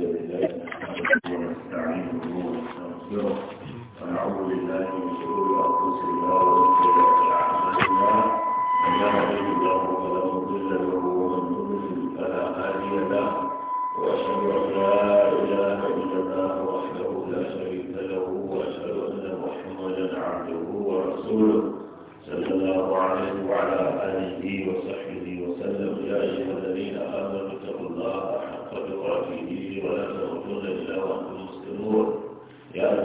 بالله ونستعينه ونستغفره ونعوذ بالله من شرور انفسنا وسيئات اعمالنا من يهده الله فلا مضل له ومن يضلل فلا هادي له واشهد ان لا اله الا الله وحده لا شريك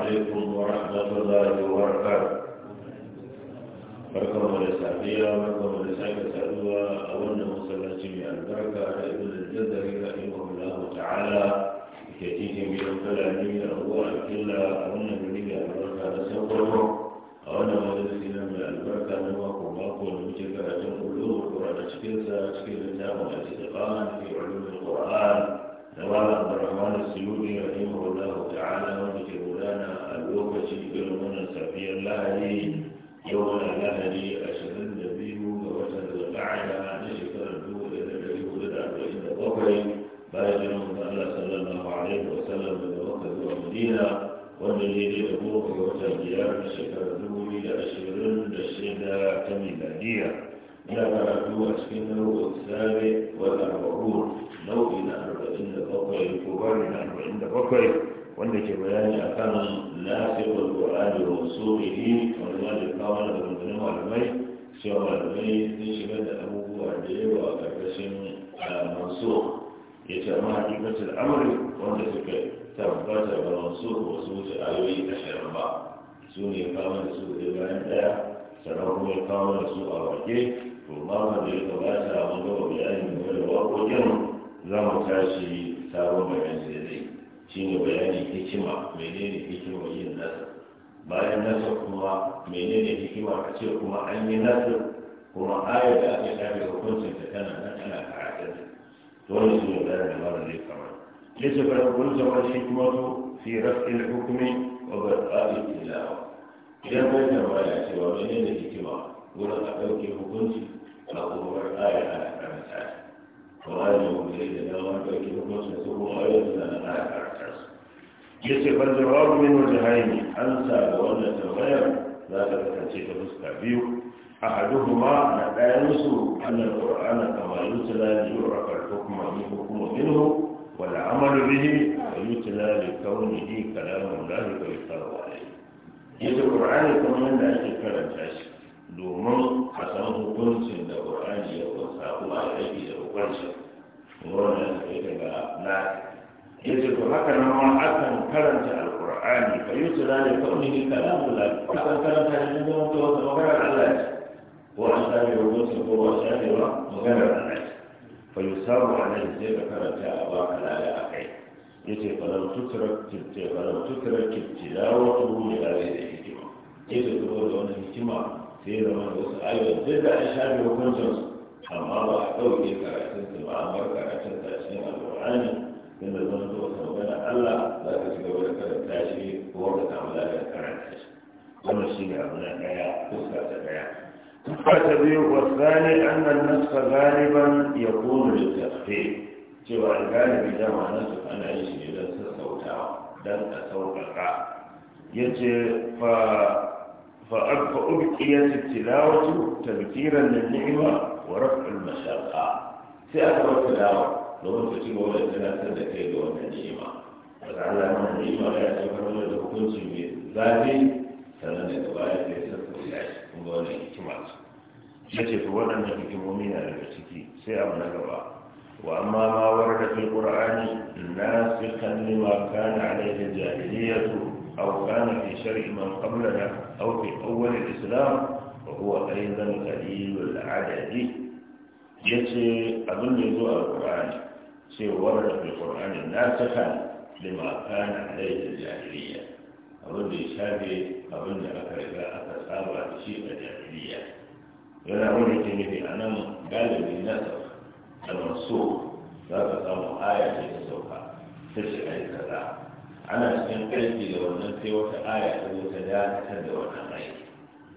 عليكم ورحمة الله وبركاته بركة الله سعدية بركة الله سعدية سألوا أولا وصلنا جميع البركة على إبن الجزة رحمه الله تعالى كتيك من أفضل عليم الله كلا أولا بريد البركة لسفره أولا ودرسنا من البركة نواق وماقو نوجك أجل قلوب ورد شكرسة شكرسة ومجدقان في علوم القرآن قال عبد الرحمن السيوطي رحمه الله تعالى وفي مولانا الوقت بيرمون سفي اللهدي يوم اللهدي أشهد النبي ووجد القعدة نشكر الدول إلى الذي ولد أربعين بقري باجر من الله صلى الله عليه وسلم من وقت المدينة والذي يقول في وقت الجيار نشكر الدول إلى أشهر الشدة كميلادية لا تردوا أسكنه الثابت bakwai wanda ke bayani a kan lafiyar ƙwararri da wasu iri wani wanda kawo da rundunar malamai cewa malamai sun shigar da abubuwa da yawa a ƙarƙashin masu ya ce amma hakikacin amurka wanda suka tabbata ga masu wasu wuce ayoyi shirin ba su ne kawo da su da bayan ɗaya sannan kuma ya kawo da su a wake to ma da ya gabata a gaba bayani game da wakokin za mu tashi sabon bayan sai dai shine bayanin hikima menene hikima yin nasar bayan nasar kuma menene hikima a ce kuma an yi nasar kuma ayar da ake kare hukuncin ta tana nan ana karatun to su shine bayan da mara zai kama yace fara hukuncin wani hikimatu fi rafin hukumi wa barqa'i tilawa idan bai da waya cewa menene hikima wurin a ɗauke hukunci a kuma ayar ana karatun to ayyukan mu ya da dama ɗauke hukuncin su kuma ayyukan da na ƙara. ya ce ban jawabu min wajen an sa ga wannan tambayar za ta kasance ta fuska biyu a haduhuma na ɗayansu annan ƙur'ana kama yutula ne yau a karkukuma ni hukuma minhu wala amalu bihi wa yutula ne kaunihi kalamun lahi wa yusaru alaihi yace ƙur'ani kuma da ake karanta shi domin a san hukuncin da ƙur'ani ya kunsa kuma a yake da hukuncin wannan sai daga na ya ce to haka nan ma akan karanta alkur'ani fa yi su zane kaunihi kalamun lafi akan karanta shi ne zama tuwa ta maganar allah ce ko an sami rubutu ko ba shafewa maganar allah ce fa yi samu a nan sai ka karanta a ba ka lada a kai ya ce falam tuturar kittilawa ta ruhu ya zai da hikima ya ce tuwa da wani hikima sai zama da wasu ayyuka duk da an shafe su. amma ba a ɗauke karatunsa ba karatun bar a cikin alkur'ani إن ظننت وسوينا ألا لا تجد ولك التاشي وردت عملا يتعنى ومن شيء عملا كيا تسكت كيا التبيه والثاني أن النسخ غالبا يكون للتخفيف سوى الغالب إذا ما نسخ أنا أيش إذا سسوتا لن أسوقك يجي ف فأبقيت التلاوة تبكيرا للنعمة ورفع المشقة سأكبر التلاوة domin ka ci gaba da tunatar da kai ga wannan ni'ima daga Allah mana ni'ima ya saukar mana da hukunci mai zafi sannan daga baya sai ya shi kun ga wannan hikima ce ya ce to waɗannan hikimomi na daga ciki sai abu na gaba وأما ما kana في القرآن ناسخا لما كان عليه الجاهلية أو كان في شرع من قبلنا أو في أول الإسلام وهو أيضا قليل العدد يتي أظن يزوء القرآن شيء ورد في القرآن الناسخ لما كان عليه الجاهلية أظن شافي أظن اكثر أكرك أتصاب شيء الجاهلية ولا أقول لك أنه أنا قال لي نسخ المنصوص لا تقام آية في السوق تشعر كذا أنا أسكن آية إلى لو أنك وقت آية تقول تجاه تدوى نمائي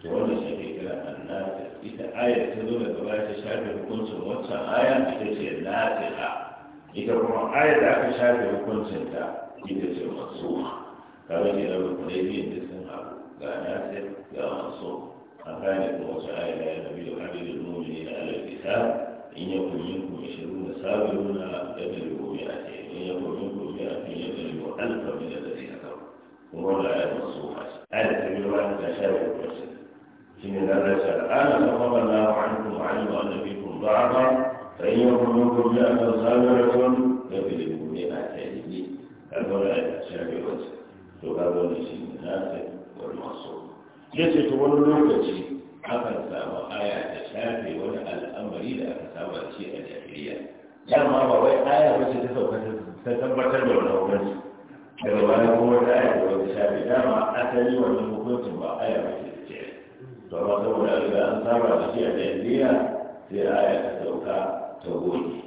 تقول لشكي كلا الناس إذا آية تدوى لك تشعر في كل سموة آية تشعر ناسخة ita kuma ayar da aka shafe hukuncin ta ita ce mansuha kaga ke da rukunai biyun da sun haɗu ga nasir ga mansuha an gane ko wace ayar da ya nabi da adadin mumini na alal kitab in ya kun yin kun shiru na sabiru na ɗabiru ko ya ce in ya kun yin kun ya fi ya ɗabiru alfa min da zai haka kuma wanda ayar mansuha ce ayar ta biyu ba ta shafe hukuncin shi ne na rashin ana ta kwamar na wa'ankun wa'ankun wa'ankun wa'ankun فإن يكن منكم جاءة صابرة يغلبوا مئة يمين هذا شافي وجه وهذا الشيء والمعصوم yace to wani lokaci akan samu aya ta shafe wani al'amari da aka saba shi a jahiliya dama ba wai aya ba ce ta sauka ta tabbatar da wani hukunci daga baya kuma wata aya da wata shafe dama asali wannan hukuncin ba aya ba ce an da shi a sai aya ta sauka ta goge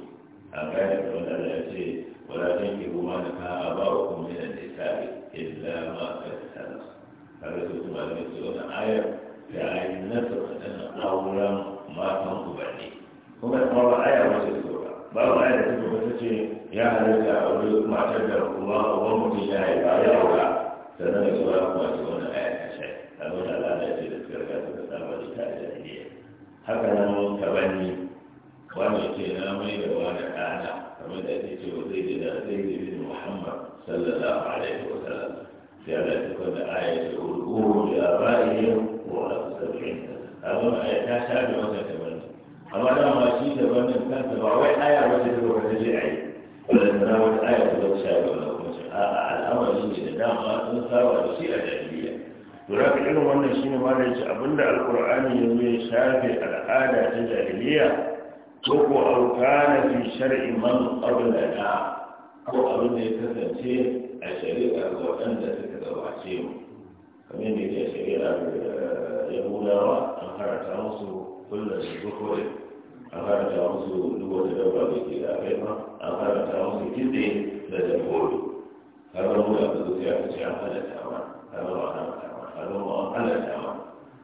a da wanda Allah ya ce wala zan ki goma da ka a ba wa kuma yana da isa'i illa ma ka ta sana kaga su kuma da su da ayar da na ayi nasa wadannan auren matan ubanni kuma da kuma ayar wacce su ba ba ayar da su ta ce ya halitta a wani matar da kuma wani mutum ya yi ba ya aura sannan da sauran kuma ce wani ayar ta ce. a wani Allah ya ce da suka riga suka saba da ta da haka nan ka bani wani ya ce na mai da wani ɗana kamar da ake cewa zai da da zai da bin muhammad sallallahu alaihi wa sallam sai ala ta kwada aya ta urgu ya ra'iya wa sabi'in amma aya ta shafe masa ta bani amma da ma shi da wannan kansa ba wai aya ba ta zuwa ta je ai wannan na wata aya ta zo shafe wannan kuma shi a'a al'amari ne da dama sun saba da shi a jahiliya lura ka irin wannan shine ma da yace abinda alqur'ani yanzu ya shafe al'ada ta jahiliya ko abu kana fi shar'i man qablana ko abin da ya kasance a shari'a ko shari'ar waɗanda suka gabace mu kamar da ya shari'ar wa an harata musu kullum shukuri zuhuri an harata musu duk wata dabba da ke da kai ma an harata musu kidi da dabbobi har mu da ka zuciya ka ce an halatta ma har ma an halatta ma har ma an halatta ma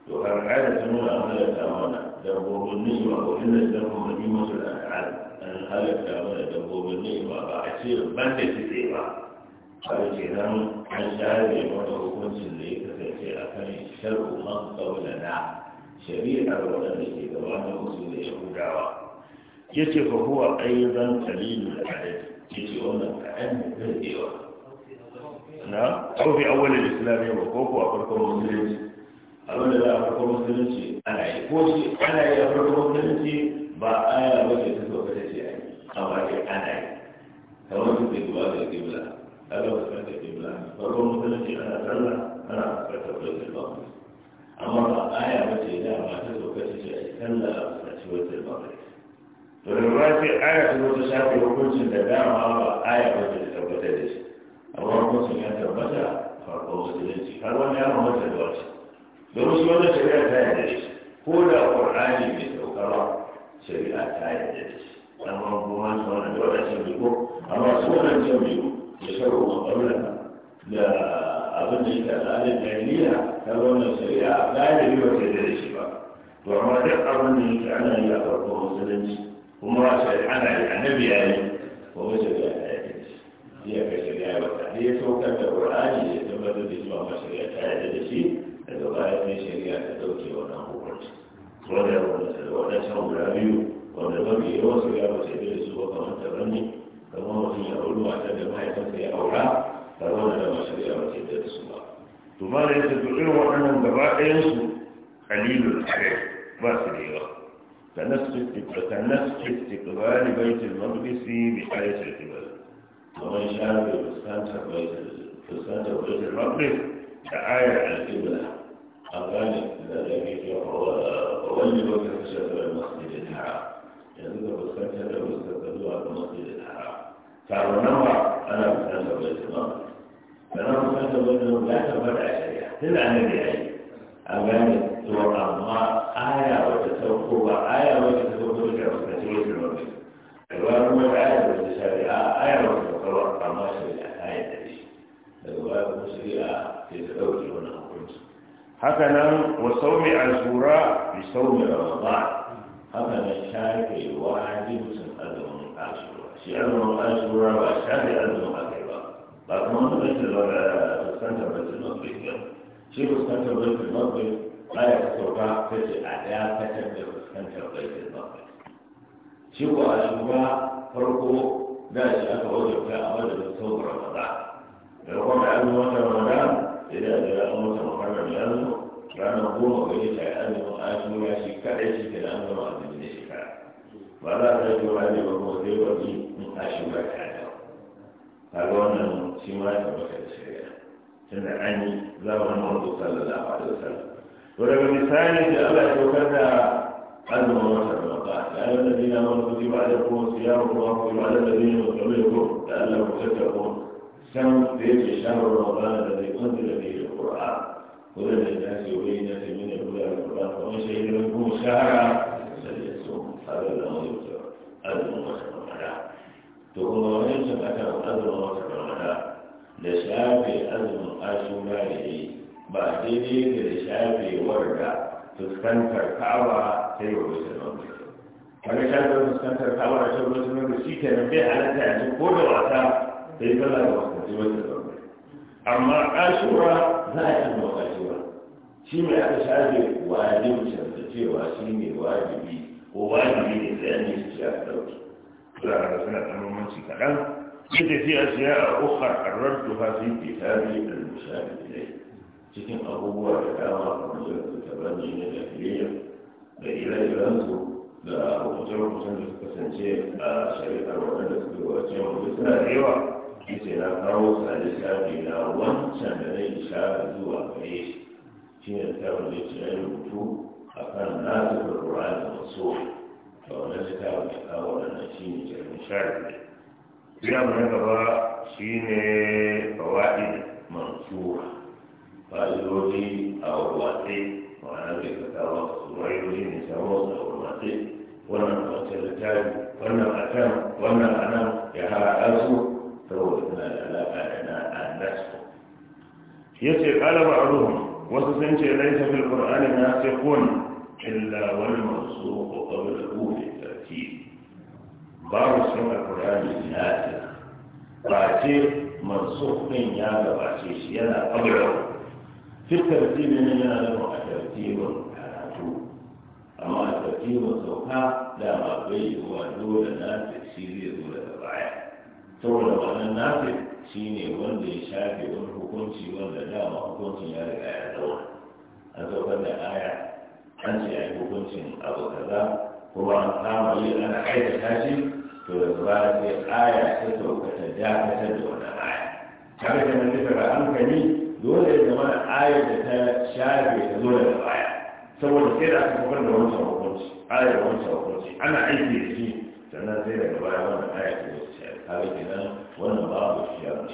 to har halatta nuna an halatta na dabbobin ni'ima ko inda zama madima su al'ad an halatta mana dabbobin ni'ima ba a ce ban da kitse ba har ke nan an share mana hukuncin da ya kasance a kan shar'u man kaulana shari'ar waɗanda ke gaba na musu da yahudawa ya ce fa huwa ayyuban kalilul adad ya ce wannan kaɗan da daɗewa na kawai awalin islamiyya ba ko ko a farkon musulunci abin da za a farko musulunci ana yi ko shi ana yi a farko musulunci ba aya ba ce ta sauka ta ce ai amma dai ana yi kamar su ke duwa da kibla kaga ba san da kibla farko musulunci ana sallah ana fuskantar wajen ba amma ba aya ba ce da ba ta sauka ta ce yi sallah a fuskanci wajen ba to da ruwa sai aya ta zo ta shafe hukuncin da dama ba aya ba ce ta tabbatar da shi amma hukuncin ya tabbata farko musulunci har wani ya mamata da wasu da wasu wata shari'a ta yarda da shi ko da qur'ani bai sauka ba shari'a ta yarda da shi amma kuma wannan da wadancan biyu amma su wadancan biyu da sharu ma'amala da abin da yake al'adar jahiliya ta wannan shari'a galibi ba ta yarda da shi ba to amma duk abin da yake ana yi a farkon musulunci kuma shari'a na yi annabi ya yi kuma shari'a ta yarda da shi ya ka shari'a ba ta ne ya saukar da qur'ani ya tabbatar da cewa ma shari'a ta yarda da shi daga ya shari'a ta dauke wannan hukunci wanda ya rubuta da can guda biyu wanda mafi yawan su ya bace da su ba kamar ta rani kamar mutum ya auri mata da mahaifinsa ya aura ba wanda da masu ya bace da su ba to da yake to irin waɗannan gaba ɗayan su kalilul adad ba su da yawa كنفس أغاني لذلك وولي وجهك شطر المسجد الحرام يذكر بالخمسة واستدلوا على المسجد الحرام فالنوع أنا بسنة بيت المقدس فأنا بسنة بيت المقدس لا تبرع شريعة تلعن بأي أغاني توقع ما آية وتتوقع آية وتتوقع وتتوقع وتتوقع الوارم والعادة والتشاريع haka nan wa saumi azura bi saumi ramadan haka nan shafe wajibin azumin azura shi azumin azura ba shafe azumin akai ba ba kuma wani bai da fuskantar baitul maqdis ba shi fuskantar baitul maqdis aya ta sauka ta ce a dakatar da fuskantar baitul maqdis shi ko azura farko da shi aka wajabta a wajen saumi ramadan da kuma da azumin ramadan sai da ga an masa muharram ya zo ranar goma ga ita ya azumin azumin ya shi kaɗai shi ke da an zama azumin da shekara ba za a rage ba ne ba kuma sai wani in ashin ba ta da kaga wannan shi ma ya tabbata da shari'a tunda an yi zamanin wanzu sallallahu alaihi wasallam to daga misali da Allah ya saukar da azumin watan Ramadan ya yi wanda zina wani kuti ba da kuma siyawa kuma kuma da zina wani kuma da Allah ku tattako كم في شهر رمضان الذي أنزل فيه القرآن هدى للناس وبينة من الهدى والقرآن ومن شهد منكم شهرا فليصوم هذا الأمر يكتب أذن وشهر رمضان تقول وإن شبكة أذن وشهر رمضان لشافي أذن أشماله بعدين لشافي وردة fuskantar ka'aba ta yi wa wasu nan wani shafi fuskantar ka'aba ta yi wa wasu nan shi ke nan bai halatta yanzu ko da wasa ta yi sallah da wasanci wacce zaune amma ashura za a yi zuwa ashura shi mai aka shafe wajibcin canza cewa shi ne wajibi ko wajibi ne sai an yi shi a ɗauki suna da suna kaɗan sai tafiya siya a ukhar arrantuha fi kitabi al-mushafi ilayhi cikin abubuwa da dama a wajen majalisar tabbani na jahiliya da ire-irensu da rubuce-rubucen da suka kasance a shari'ar da suka wajen wanda suna da yawa yace na kawo su a na wancan da zai ishara zuwa gare shi shi ne littafin da yake ya rubutu a kan nasu kurkura da maso a wannan littafin ya kawo wannan shi ne jirgin shari'a ya mana na gaba shi ne fawaɗi mansura fa'idoji a warwatse ma'ana zai ka kawo su fa'idoji ne samu su a warwatse wannan wancan littafi wannan a can wannan a nan ya haɗa su saboda suna da alaƙa da na annas ya ce ƙala ba'aruhum wasu sun ce laisa fil qur'ani nasikhun illa wal mansukh qabla al tartib babu sun alqur'ani nasikh ba ce mansukh din ya gabace shi yana qabla في الترتيب لنا له ترتيب الحاجو أما ترتيب الزوكاء لا بيد ودول نافذ saboda wannan nafi shi ne wanda ya shafe wani hukunci wanda dama hukuncin ya riga ya zauna an saukar da aya an ce ya yi hukuncin abu kaza kuma an kama yi ana aikata shi to da zuwa sai aya ta sauka ta dakatar da wannan aya kaga kamar duka ga hankali dole ya zama aya da ta shafe ta zo daga baya saboda sai da aka kafar da wancan hukunci aya da wancan hukunci ana aiki da shi sannan sai daga baya wannan aya ce da shi alƙali kenan wannan babu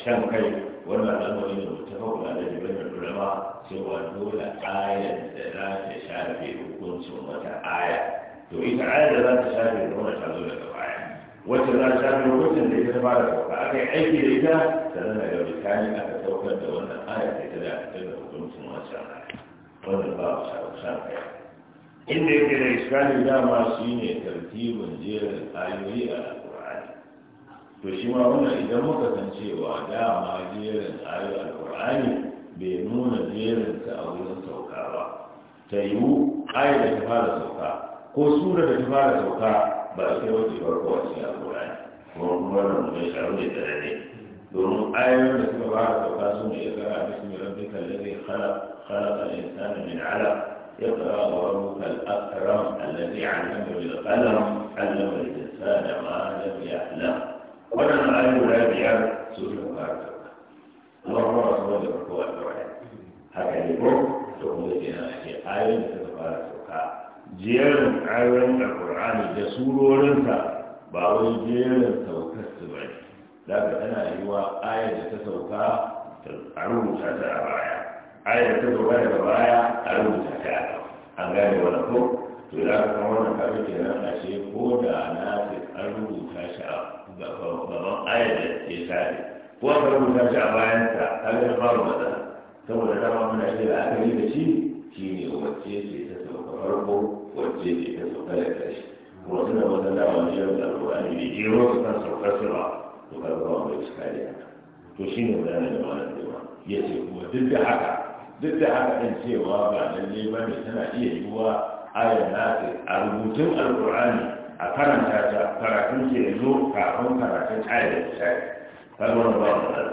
shan kai wannan al'amari da da jibin da turama cewa dole ayar da za ta shafe hukuncin wata aya to ita ayar da za ta shafe da wannan ta daga baya wacce za ta shafe hukuncin da ita ta fara sauka a yi aiki da ita sannan daga bisani aka saukar da wannan ayar da ita da ta da hukuncin wata aya wannan babu shan kai inda yake da iskali dama shi ne tartibin jerin ayoyi a alkur'ani to shi ma wannan idan muka san cewa dama jerin ayoyi alkur'ani bai nuna jerin ta a wurin sauka ba ta yiwu ayar da ta fara sauka ko sura da ta fara sauka ba a kai wata farko a cikin alkur'ani kuma kuma wannan mai sharu ne da ne domin ayoyin da suka fara sauka su ne ya kara bismi rabbika allazi khalaq khalaqa al-insana min 'alaq يقرأه الأكرم الذي علم بالقلم علم الإنسان ما لم يعلم ونحن علم لا يعلم سورة مباركة اللهم صل وسلم وبارك هكذا يقول تقول لنا آية مباركة jerin ayoyin alkur'ani da surorinsa ba wai jerin saukarsu ba ne za ka tana yi wa ayar da ta sauka ta rubuta ta a baya ayar ta gaba da baya a rubuta ta an gane wani ko to za ka kawo wannan kafin ke nan a ce ko da na an rubuta shi a gaban ayar da ya sare ko an rubuta shi a bayan ta kafin da babu matsala saboda dama muna shi da aka yi da shi shi ne wacce ce ta sauka farko wacce ce ta sauka da ƙarshe kuma suna wata dama shi da alƙur'ani da jero su kan saukar su ba to ka zama mai cikariya to shi ne gudanar da malam da ya ce kuma duk da haka duk da haka ɗin cewa ba lalle ba ne tana iya yiwuwa ayar nasi a rubutun alƙur'ani a karanta ta karatun ke zo kafin karatun ayar da ta kalmar ba mu da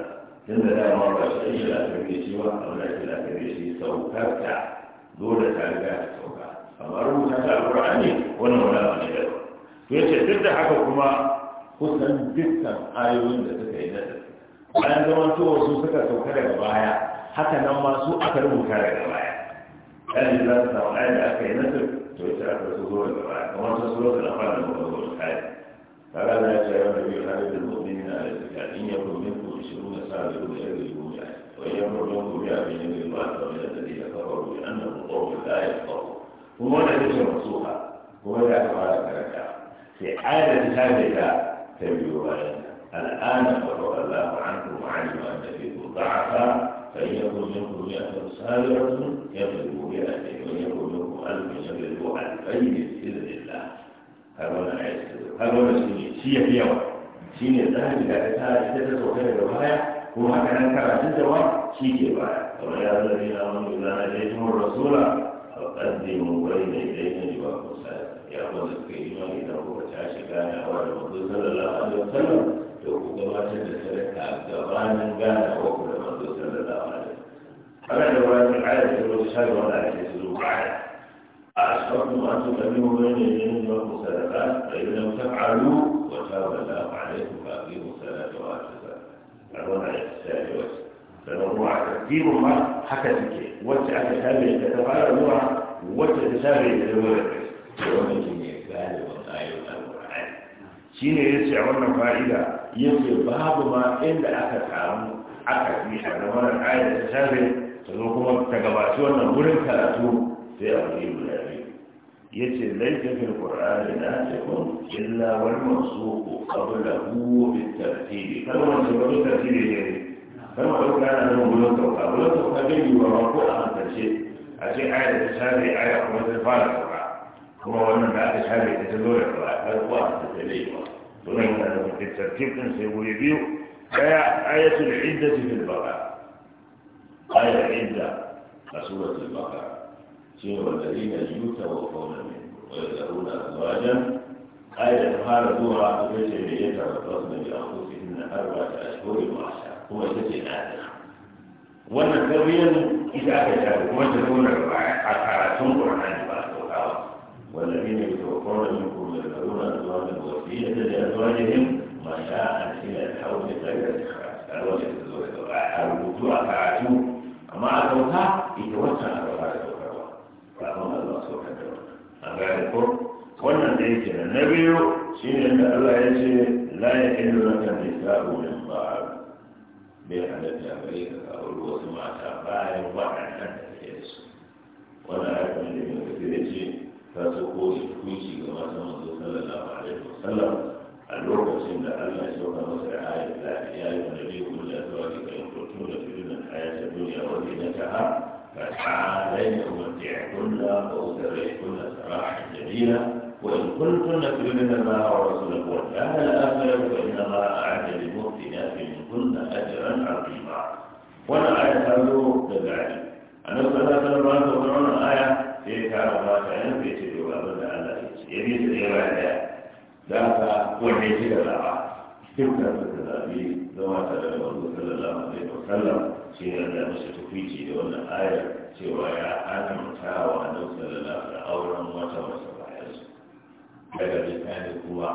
tun da dama ba shi ɗin shi lafiyar shi ba a wani shi da shi saukar ta dole ta riga ta sauka amma rubuta ta alƙur'ani wani wani abu ne ba. to yace duk da haka kuma kusan dukkan ayoyin da suka yi nasa bayan zaman su suka sauka daga baya haka nan ma su aka rubuta daga baya ɗan da za su samu ayar da aka yi nasir to ita aka su zo daga baya kamar ta su rasu da fara da kuma zo kai kaga da ya ce ya wani biyu har da mu'mini na da zika in ya kuma ku shiru na sa da rubuta ya rubu ya wai ya kuma ku ya bin yin ba ta wani da ya kafa rubu an da ku ko da ya ko kuma da yake masuha kuma ya fara karanta sai ayar da ta da ta biyo bayan الآن فرغ الله عنكم وعلم أن فيكم ضعفا فإن يكن منكم مئة صابرة يغلب مئتين وإن يكن منكم ألف يغلب ألفين بإذن الله هذا ما هذا ما شيء شيء في يوم شيء الذهب إذا كان إذا تسوى الرواية هو هكذا ترى تسوى شيء كبار ويا الذين آمنوا إذا ناديتم الرسول فقدموا بين يديه جواكم صالحا يا أبو الكريم إذا هو تعشى كان أول الرسول صلى الله عليه وسلم to ku gabatar da sadaka gabanin gana wa ku da صلى الله عليه وسلم فمعنى ولكن العادة والشهر والعادة الوقعة أشركم أن تكلموا بين الجنين والمسلمات فإن لم تفعلوا وتاب الله عليكم فأقيموا الصلاة وآتوا الزكاة فهو على السائل وجه فالموضوع ترتيب ما حكى ذكر وسع تتابع تتفاعل نوعا وسع تتابع تتولد ومن جنين قال والآية القرآن شيء يسع ولنا فائدة يصير باب ما إلا أكثر aka yi a gaban ayar da ta shafe ta zo kuma ta gabaci wannan wurin karatu sai a wani guda biyu ya ce laifin fil qur'ani na ce kun illa wal mansuqu qabla hu bi tartibi kar wannan ce wani tartibi ne kar ma dauka na nan wurin sauka wurin sauka bai yi wa ko a hantarce a ce ayar da ta shafe ayar kuma ta fara sauka kuma wannan da aka shafe ta zo da ba ko a hantarce ne ba to nan yana da tartibin sai wuri biyu آية آية العدة في البقاء آية العدة في سورة البقاء سورة الذين يتوفون آية منكم ويذرون أزواجا آية أخرى دورة تبين يتوفون بأنفسهن أربعة أشهر وأحسن هو ستي آتى وانا كبيرا إذا كتابوا وانا كون أربعة أخرى عن بعض والذين يتوفون منكم ويذرون أزواجا وسيلة لأزواجهم ma sha ila al-hawl ghayr al-khas al-wajd wa al-wudu wa ma adawha ita wata na ba ta kawo ba kuma Allah so ka dawo a ga ko wannan da yake da na biyu shine da Allah ya ce la ya'idu lakum min ba'd bi hadathi ya bayyana فإن الله ورسوله والآن الآخرة فإن الله أعد للمؤمنات منكن أجرا عظيما وأنا آية تنظر لذلك أنا صلى الله عليه وسلم آية في كعبة كان في تلو أبدا على يبي يعني سيرا ذاك وحي في الأربعة تلك الكتابي لما ترى الرسول صلى الله عليه وسلم شيء آية أن مستفيتي لأن آية سواء أنا متعاون أو صلى الله عليه وسلم daga lisanin kowa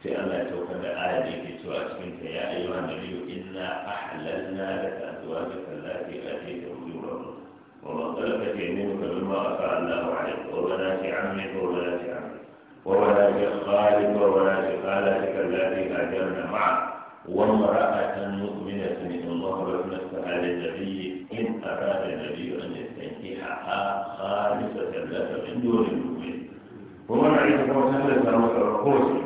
sai Allah ya saukar da aya da yake cewa cikin ta ya ayyuhan nabiyyu inna ahlalna laka azwajaka allati atayta ujurahum wa ma talaka yaminuka mimma afa Allahu alayk wa banati ammik wa banati ammik wa banati khalik wa banati khalatik allati hajarna ma'ak وامرأة مؤمنة إن ظهرت نفسها للنبي إن أراد النبي أن يستنكحها خالصة لك من دون المؤمنين kuma na ita kuma san da samu kowace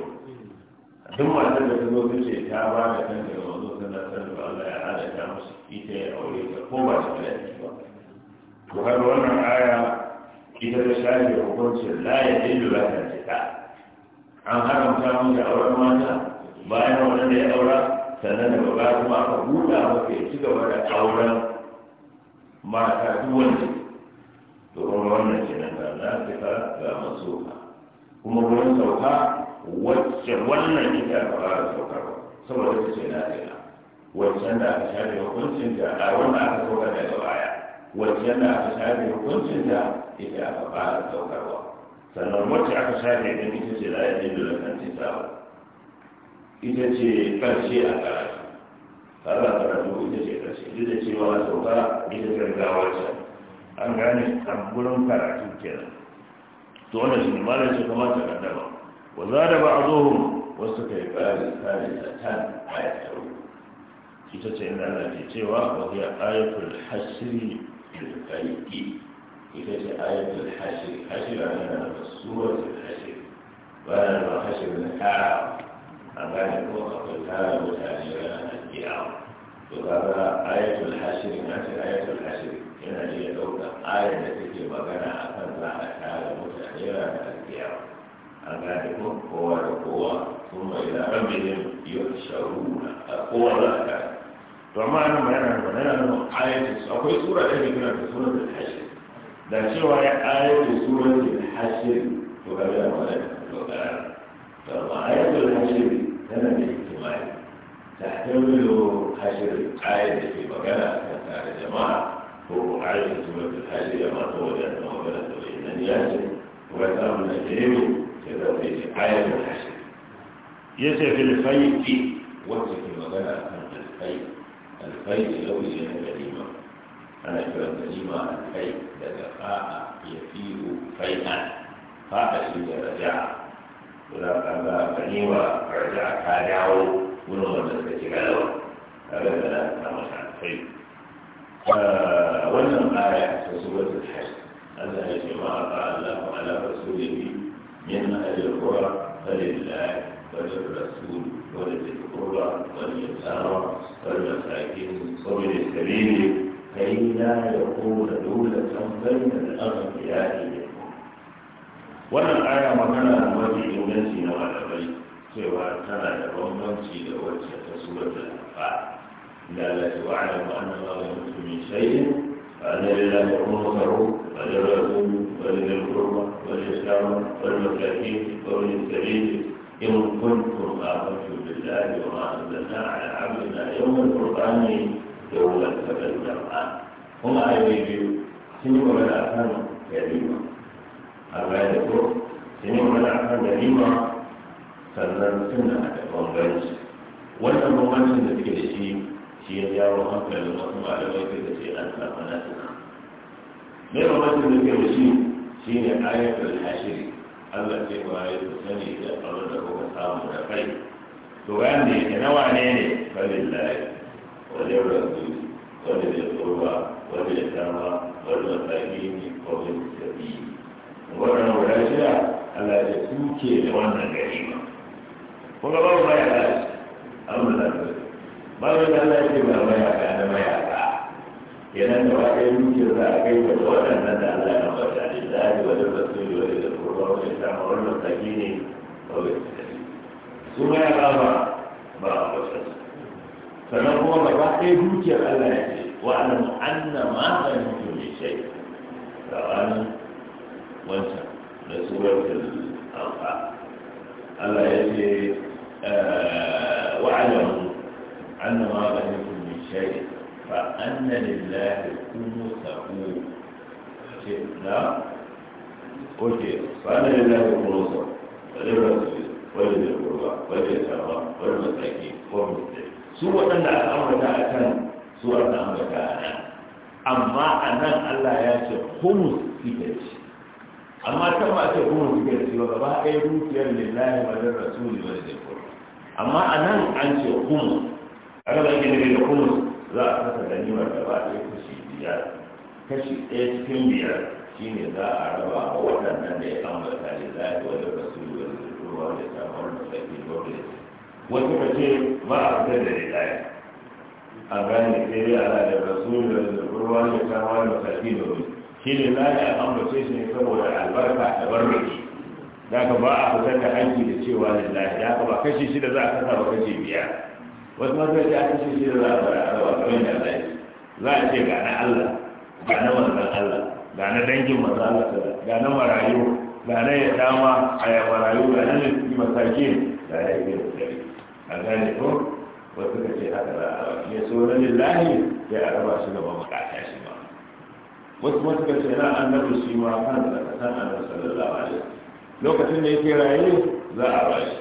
duk matar da ta zo ta ce ta ba da kan da wanzu sallar sallar Allah ya halatta musu ita ya aure ta ko ba ta da ba to har wannan aya ita ta shafe hukuncin la ya dillu la ta ta an haramta mun da auren mata bayan wannan da ya aura sannan da ba kuma aka buɗa maka ya ci gaba da auren mata duk wanda to wannan kenan ga na ga masu ha kuma ruwan sauka wacce wannan ita aka da saukarwa saboda ta ce na daina wacce da aka shafe hukuncin da a wannan aka sauka ya baya wacce da aka shafe hukuncin da ita aka fara saukarwa sannan wacce aka shafe din ita ce za a yi da kan tisa ba ita ce karshe a karatu kaza karatu ita ce karshe duk da cewa sauka ita gargawa ce an gane a gurin karatu kenan تونا شي ما له شي كما تقدم وزاد بعضهم وسكى قال هذه الاتان ايه في تتعين على التي تيوى وهي آية الحشر الفريقي كيف آية الحشر حشر أنا مسورة الحشر وأنا ما حشر من كعب أما أن يوقف الكعب متعجرا عن الكعب فقال آية الحشر ما آية الحشر كان لي دوك آية التي مغنى أفن لها كعب yana da tafiya an gane ko kowa da kowa sun mai da rabin yau sharu a kowa da aka to amma ana magana da magana da ayatul hashir da cewa ya ayatul suratul hashir to ga يتعب الفيء في وقت المدنة أنت الفيء الفيء لو إلى الكريمة أنا في الكريمة الفيء لدقاء يفيه فيئا فاقا إلى رجع ولا قبا كريمة رجع كارعو ونوضا من الكتبالو أبدا لا نمشع الفيء آه، ولم آية سورة الحج أن الجماعة قال الله على رسوله من أهل القرى فلله وجه الرسول وجه القربى وجه الأرى والمساكين ومن السبيل كي لا يكون دولة بين الأغنياء منكم wannan aya magana mafi inganci na malamai cewa tana da bambanci لا لا تعلم أن الله يملك من والمساكين وابن السبيل يوم كنتم أعرفوا بالله وما أنزلنا على عبدنا يوم القرآن يوم أكتب الجرآن هم أعيدوا سنوا من أفهم كريما أبا يذكر سنوا من أفهم كريما فلن سنة أكبر بيس ولن ممن سنة كريسي سيئة يارو أكبر لغتم على ويكي تسيئة أكبر مناسنا ميرو مجد كريسي سيئة آية الحاشرين Allah ce ba ya ku sani da abin da kuka samu da kai to wanda yake na wane ne falin layi wani rasu wani da tsoba wani da dama wani da tsaki ne wani da tafi wannan guda shida Allah ya kuke da wannan gari ba kuma babu baya ba abin da ta babu da Allah ya ce ba baya ba na baya ba kenan da wa ɗaya duke za a kai da waɗannan da Allah ya ambata lillahi wa da rasuli wa da wani dama wannan tsaki ne kawai su kai su ma yara ba ba a wasan sannan kuma gaba ɗaya dukiyar Allah ya ce wa'alam anna ma ta mutu ne shai tsakanin wancan da suratul alfa Allah ya ce wa'alam anna ma ta mutu ne shai fa'anna lillahi kullu sa'u ce na Ok, ba na yi lafi kurosa da ɗaura su wani da kurwa wani da tawa wani mataki wani da su waɗanda aka ambata a kan su aka ambata a nan amma a nan allah ya ce humus suke ci amma kan ba ce humus suke ci ba gaba ɗaya dukiyar lillahi wa da ne wani da kurwa amma a nan an ce humus aka zaki ne da humus za a kasa ganimar gaba ɗaya kashi biyar kashi ɗaya cikin biyar shi ne za a raba a waɗannan da ya ambata da za a wani rasulu wani zuwa da samar da sarki dole wasu ka ce ba a fitar da rilaya a gane sai dai ala da rasulu da zuwa da samar da sarki dole shi ne za a ambace shi ne saboda albarka da barraki Za ka ba a fitar da hanki da cewa lillahi da ka ba kashi shida za a kasa ba kashi biyar wasu ce a kashi shida za a fara a raba kamar da za a ce ga na allah ga na wannan allah ga na dangin maza Allah ga na marayu ga na ya dama a ya marayu ga na yi masake da ya yi da dare a gane ko wasu ka ce haka da a ya so na lillahi ya a raba shi gaba kata shi ba wasu wasu ka ce na annabi shi ma kan da ka san annabi sallallahu alaihi lokacin da yake raye za a ba shi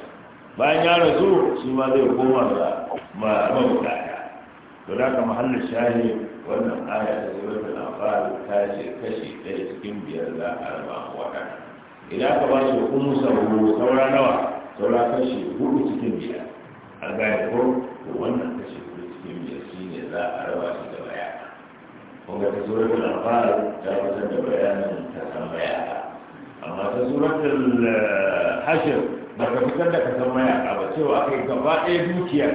bayan ya rasu shi ma zai koma ga mabukata to da ka mahallin shahi wannan aya da wata da faru ta ce kashi ɗaya cikin biyar za a raba waɗanda idan ka ba shi kuma sauro saura nawa saura kashi hudu cikin biyar an gane ko wannan kashi hudu cikin biyar shi ne za a raba shi da bayana kuma ta na faru ta fitar da bayanin ta san mayaka amma ta ta hashir ba ka fitar da ka san mayaka ba cewa akai gaba ɗaya dukiyar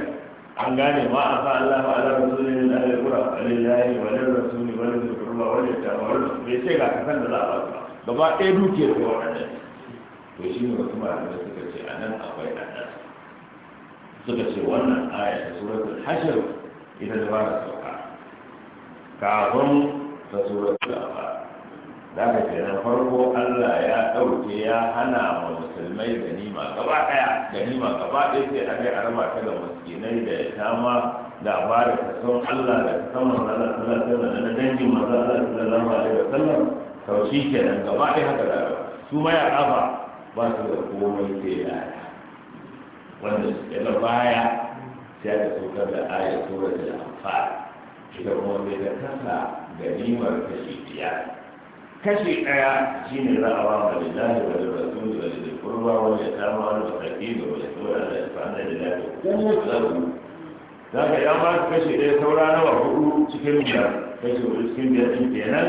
an gane ma a fa Allah wa ala rasulin da ya kura alillahi wa lil rasuli wa lil qurba wa lil tawar bai ce ga kasan da za a ba gaba ɗaya dukiyar ko wannan to shi ne wasu malamai suka ce a nan akwai annas suka ce wannan aya ta suratul hashr ita da ba ta sauka kafin ta suratul ka daga nan farko Allah ya ɗauke ya hana wa musulmai ganima gaba ɗaya ganima gaba ɗaya sai a kai a raba ta ga miskinai da dama labarin son Allah da saman Allah sallallahu da wasallam da dangin maza Allah da alaihi wasallam to shi kenan gaba ɗaya haka da su ma ya ba su da komai ke da wanda su da baya sai da su da da anfal shi da kuma da kasa ganimar kashi kashi ɗaya shine ne za a ba ma lillahi wa da rasul da da kurba wa da tama wa da fakir wa da tura da fa'ala da lafiya ko za ka ya ba ka kashe ɗaya saura wa hudu cikin biya kashe hudu cikin biyar ɗin nan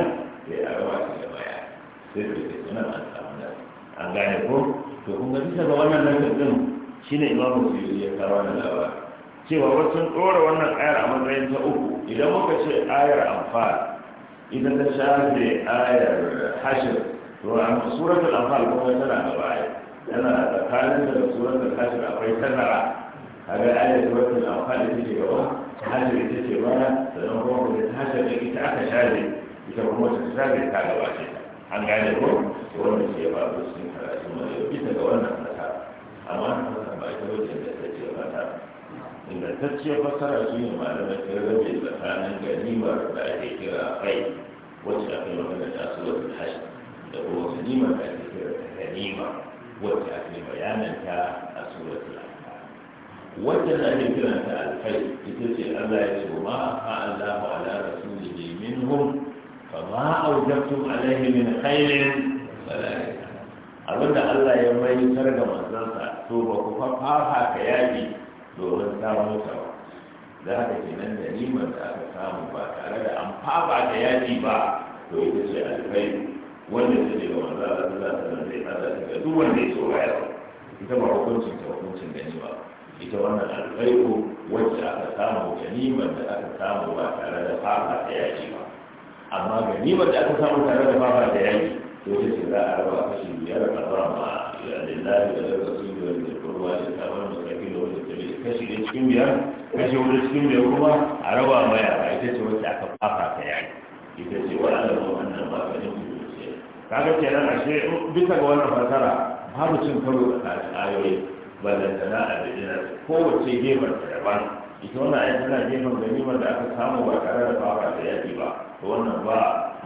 sai a raba shi da baya sai su ce sanar an samu da an gane ko to kun ga bisa ga wannan nasar ɗin shine imamu su ya kawo na labar cewa wasu ɗora wannan ayar a matsayin ta uku idan muka ce ayar amfani idan ta shafe ayar hashir to a suratul amfani kuma tana gaba tana tsakanin da suratul hashir akwai tana هذا العدد وقت الأوقات التي يروح هذا التي يروح سنروح هذا الذي تعرف هذه يسمونه تسابق هذا واجب عن قاعد يقول يقول لك يا بابا مسلم على اسمه بيتا قولنا أما ما يتوجه إلى التجيء مثلا إن التجيء فصل شيء ما لم يتكلم إلا كان جريمة لا يكرا غير وتأتي من الأصل الحشد هو جريمة لا يكرا جريمة وتأتي بيانا كأصل wanda na ake kiran ta alfai ita ce Allah ya ce ma fa Allah wa ala rasulihi minhum fa ma awjabtum alaihi min khairin fala abinda Allah ya mai targa manzansa to ba ku fa fafa ka yaki domin samun sa ba za ka kenan da niman da aka samu ba tare da an fafa ka yaki ba to ita ce alfai wanda ta ce ga manzansa Allah ta zai tsada daga duk wanda ya so ya ita ba hukuncin ta hukuncin gani ba ita wannan alfaiko wacce aka samu ganimar da aka samu ba tare da fafa da yaki ba amma ganimar da aka samu tare da fafa da yaki to ta ce za a raba kashi biyar a ba ma lillahi da daga sun yi wani kurwa da kamar musafi da wani tabi kashi da cikin biyar kashi wani cikin biyar kuma a raba maya ba ita ce wacce aka fafa da yaki ita ce wa ala ba wannan ba ka ne kuma ce kaga ashe bisa ga wannan fasara babu cin karo da ayoyi ballantana a bidinar kowace gemar ta daban ita wannan ayi tana gemar ganimar da aka samu ba tare da fara da yaƙi ba to wannan ba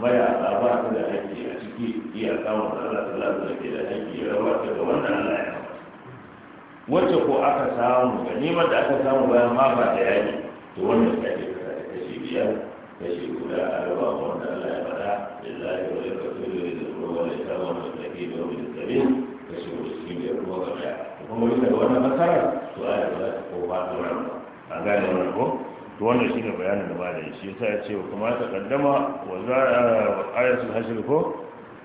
mayasa ba su da aiki a ciki iya samun Allah ta lafi da ke da aiki ya rawa ta wannan Allah ya wacce ko aka samu ganimar da aka samu bayan ma ba da yaki to wannan ya ce da kashi biyar kashi guda a raba wanda Allah ya faɗa lillahi wa lil rasuli wa lil mu'minina wa lil muttaqin wa lil sabirin kuma daga wannan masarar to a yadda za ta kowa tsoron a gane wani ko to wannan shi ne bayanin da ba da shi ya sa ya ce kuma ta kaddama wa za a eh, ayatul hashir ko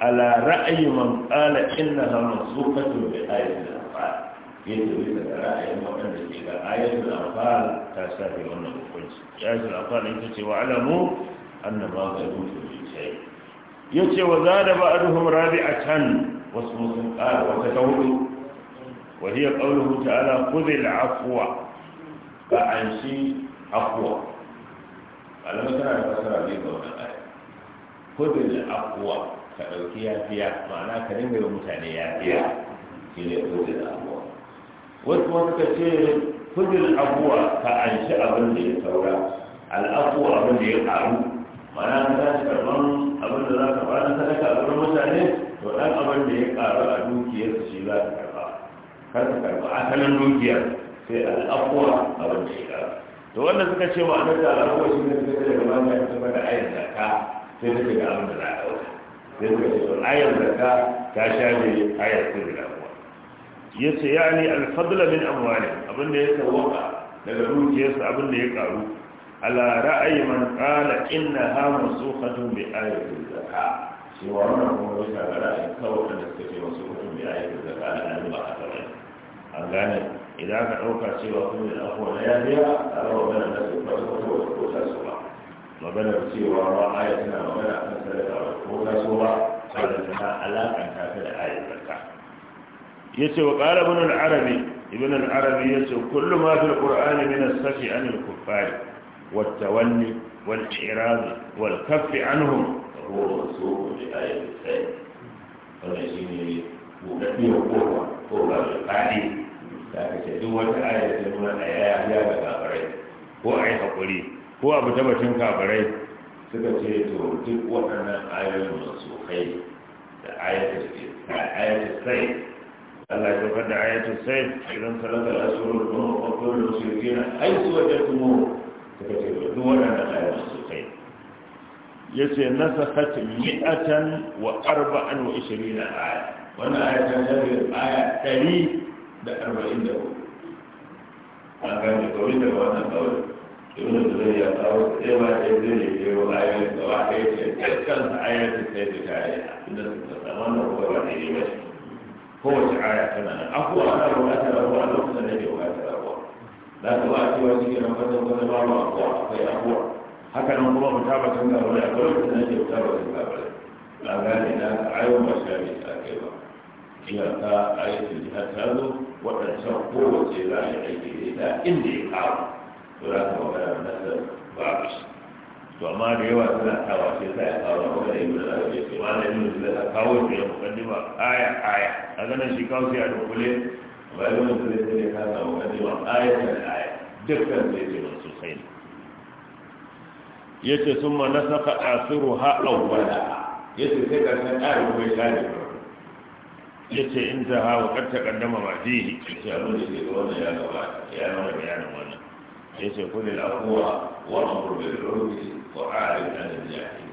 ala ra'ayi man qala innaha mansukatun bi ayatil anfal yadda bisa ga ra'ayin waɗanda ke ga ayatul anfal ta shafe wannan hukunci ayatul anfal ta ce wa alamu ba ka annama galutu bi shay yace wa rabi a can wasu sun ƙara wata ta hudu وهي قوله تعالى خذ العفو فعنشي عفو على ما كان يفسر لي قول الآية خذ العفو فأوكي يافيا معناه كلمة ومتعني يافيا شيء خذ العفو واسمه كثير خذ العفو فعنشي أبن لي ثورة العفو أبن لي قارو معناه كان يفسر أبن لي ثورة أبن لي ثورة متعني وأن أبن لي قارو أدوكي يفسي ذلك karka ka karɓi asalin dukiyar sai al'afuwa a wanda ya to wanda suka ce ma annabi al'afuwa shi ne suka ce ma ya tafi da ayar zakka sai suka ga abin da za a sai suka ce to ayar zakka ta sha ayar sirri da afuwa ya ce ya ne alfadla min amwali abin da ya sauwaka daga dukiyarsa abin da ya karu ala ra'ayi man qala innaha mansukhatun bi ayatil zakka cewa wannan kuma bisa ga ra'ayin kawai da suka ce mansukhatun bi ayatil zakka da ba a أجانب إذا دعوك سوى كل الأخوة الآية ألا ربنا نسوك سوى كل سوى ربنا سوى رعايتنا ربنا نسوك كل سوى قال لها ألا أن تأكل آية لك يسوى قال ابن العربي ابن العربي يسوى كل ما في القرآن من السفي عن الكفار والتولي والإعراض والكف عنهم هو مسوك لآية الثانية فلا يجيني buɗaɗɗiyar kowa ko ba su faɗi da aka ce duk wata ayar da nuna a yaya ya ga kafarai ko a yi haƙuri ko a abu tabbacin kabarai. suka ce to duk waɗannan ayoyin masu kai da ayatul sai Allah ya tafar da ayatul sai idan salaka da asirin kuma kwakwar da su yi ai su wajen kuma suka ce duk waɗannan ayoyin masu kai ya ce nasa hatin mi'atan wa arba'an wa ishirin aya wannan ayatan jabir aya ɗari da arba'in da hudu an gane kawai daga wannan kawai ibn zubair ya kawo sai ba ya zai ne ke wa ayoyin gaba ɗaya ce dukkan ayoyin sai ta kare inda suka samu wannan kuma ba daidai ba ce kowace aya tana nan Akwai ana buƙatar abuwa a da ba, buƙatar abuwa za ka ba a cewa shi ke nan kwata kwata ba ba abuwa akwai abuwa haka nan kuma mu tabbatar da wani akwai lokacin da ke buƙatar da ba gane na ayon ba shi ne a kai ba iyaka aikin ta tazo waɗancan kowace za a yi aiki da inda ya kawo to za ka magana nasar babu shi to amma da yawa suna kawo shi sa ya kawo ba da ibn arabi ce ma da ibn zai ka kawo shi ya mukaddima aya aya a ganin shi kawo shi a dukkule ba ibn zai sai ya kawo mukaddima aya ta aya dukkan zai ce masu sai yace sun summa nasaka asiruha awwala yace sai ka san ayatu bai shani ba yace intaha wa qad taqaddama ma fihi yace abin da ke wannan ya gabata ya nuna bayanin wannan yace kullu al-aqwa wa amru bil urfi wa a'rid an al-jahil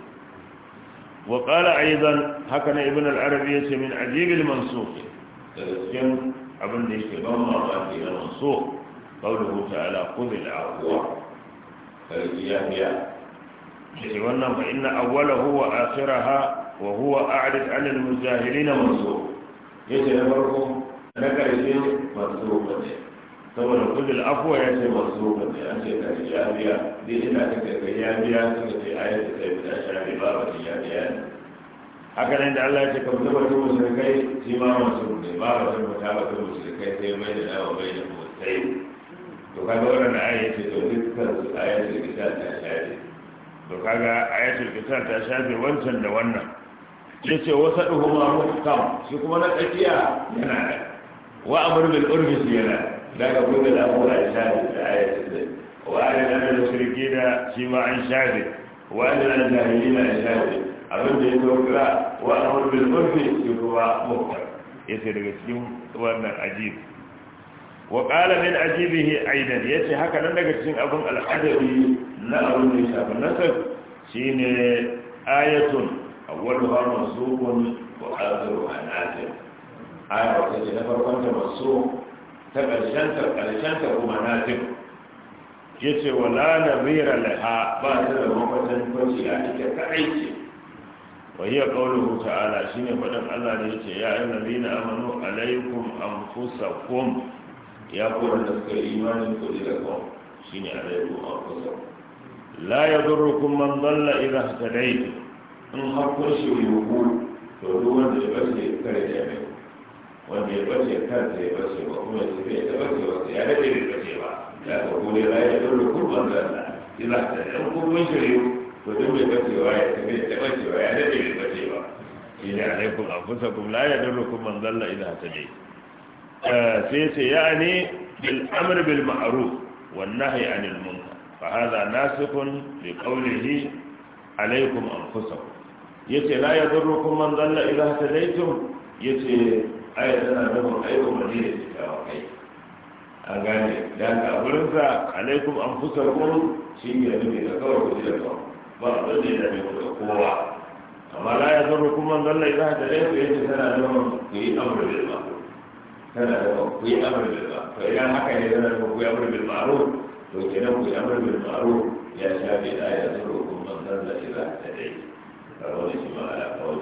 wa qala aidan haka ne ibn al-arabi yace min ajib al-mansukh cikin abin da yake ban mamaki na mansukh qawluhu ta'ala kullu al-aqwa al-jahiliya yace wannan fa inna awwalahu wa akhiraha wa huwa a'rid an al-mujahilin mansukh ya ce na farko na ƙarshe masu roƙa ne saboda kudin afuwa ya ce masu roƙa ne an ce kashi ya biya zai ina ta kai ya biya suka ce ayar da kai ta shari'a ba ba ya biya ne haka nan da Allah ya ce ka ta batun kai shi ma masu roƙa ba batun mutu batun kai sai mai da dawa mai da mutai to kaga wannan ayar ya ce to dukkan su ayar da ta share to kaga ayatul kitab ta shafe wancan da wannan ya ce wasa ɗuhuma kam shi kuma na tsakiya yana da wa amur bil shi yana da ga kuma da amura ya shafi da ayatul da wa alil amil mushriki da shi ma an shafi wa alil al na ya shafi abin da ya dogara wa amur bil urfi shi kuma Ya ce daga cikin wannan ajiyar wa ƙala min ajibihi aidan ce haka nan daga cikin abin al'adabi na abin da ya shafi shi shine ayatun awwaluha mansubun wa akhiruha nazil aya wata ce na farkon ta mansub ta ƙarshen ta ƙarshen ta kuma nazil yace wala nabira laha ba ta da mafatan kwanci a cikin kai ce وهي قوله تعالى شين فدن الله ne yace ya ayyuhal ladina amanu alaykum anfusakum ya kuma da suka imani ko da ko shine alaykum anfusakum la yadurrukum man in har kun shiryu to duk wanda ya bace kar ya mai wanda ya bace kar ya bace ba kuma ya tafi ya bace ba ya dace bai bace ba ya ga gode la ya dole kurban da Allah idan da in kun shiryu to duk bai bace ba ya tafi ya bace ba ya dace bai bace ba ila alaikum anfusakum la ya dole kurban da Allah idan ta ne sai ce ya ne bil amr bil ma'ruf wan nahy anil munkar fa hadha nasikun li qawlihi alaikum anfusakum yace la kun man zalla ila idha hadaytum yace ai tana da mun ai kuma ne da kai an gane dan ka gurin sa alaikum anfusakum shi ne da ne da kawo ku da kawai ba a ne da ne da kowa amma la kun man zalla ila idha hadaytum yace tana da ku yi amru bil ma'ruf tana da ku yi amru bil ma'ruf to idan haka ne zana da ku yi amru bil ma'ruf to kenan ku yi amru bil ma'ruf ya shafi da zurru kun man ila ta hadaytum da shi ma ala kawai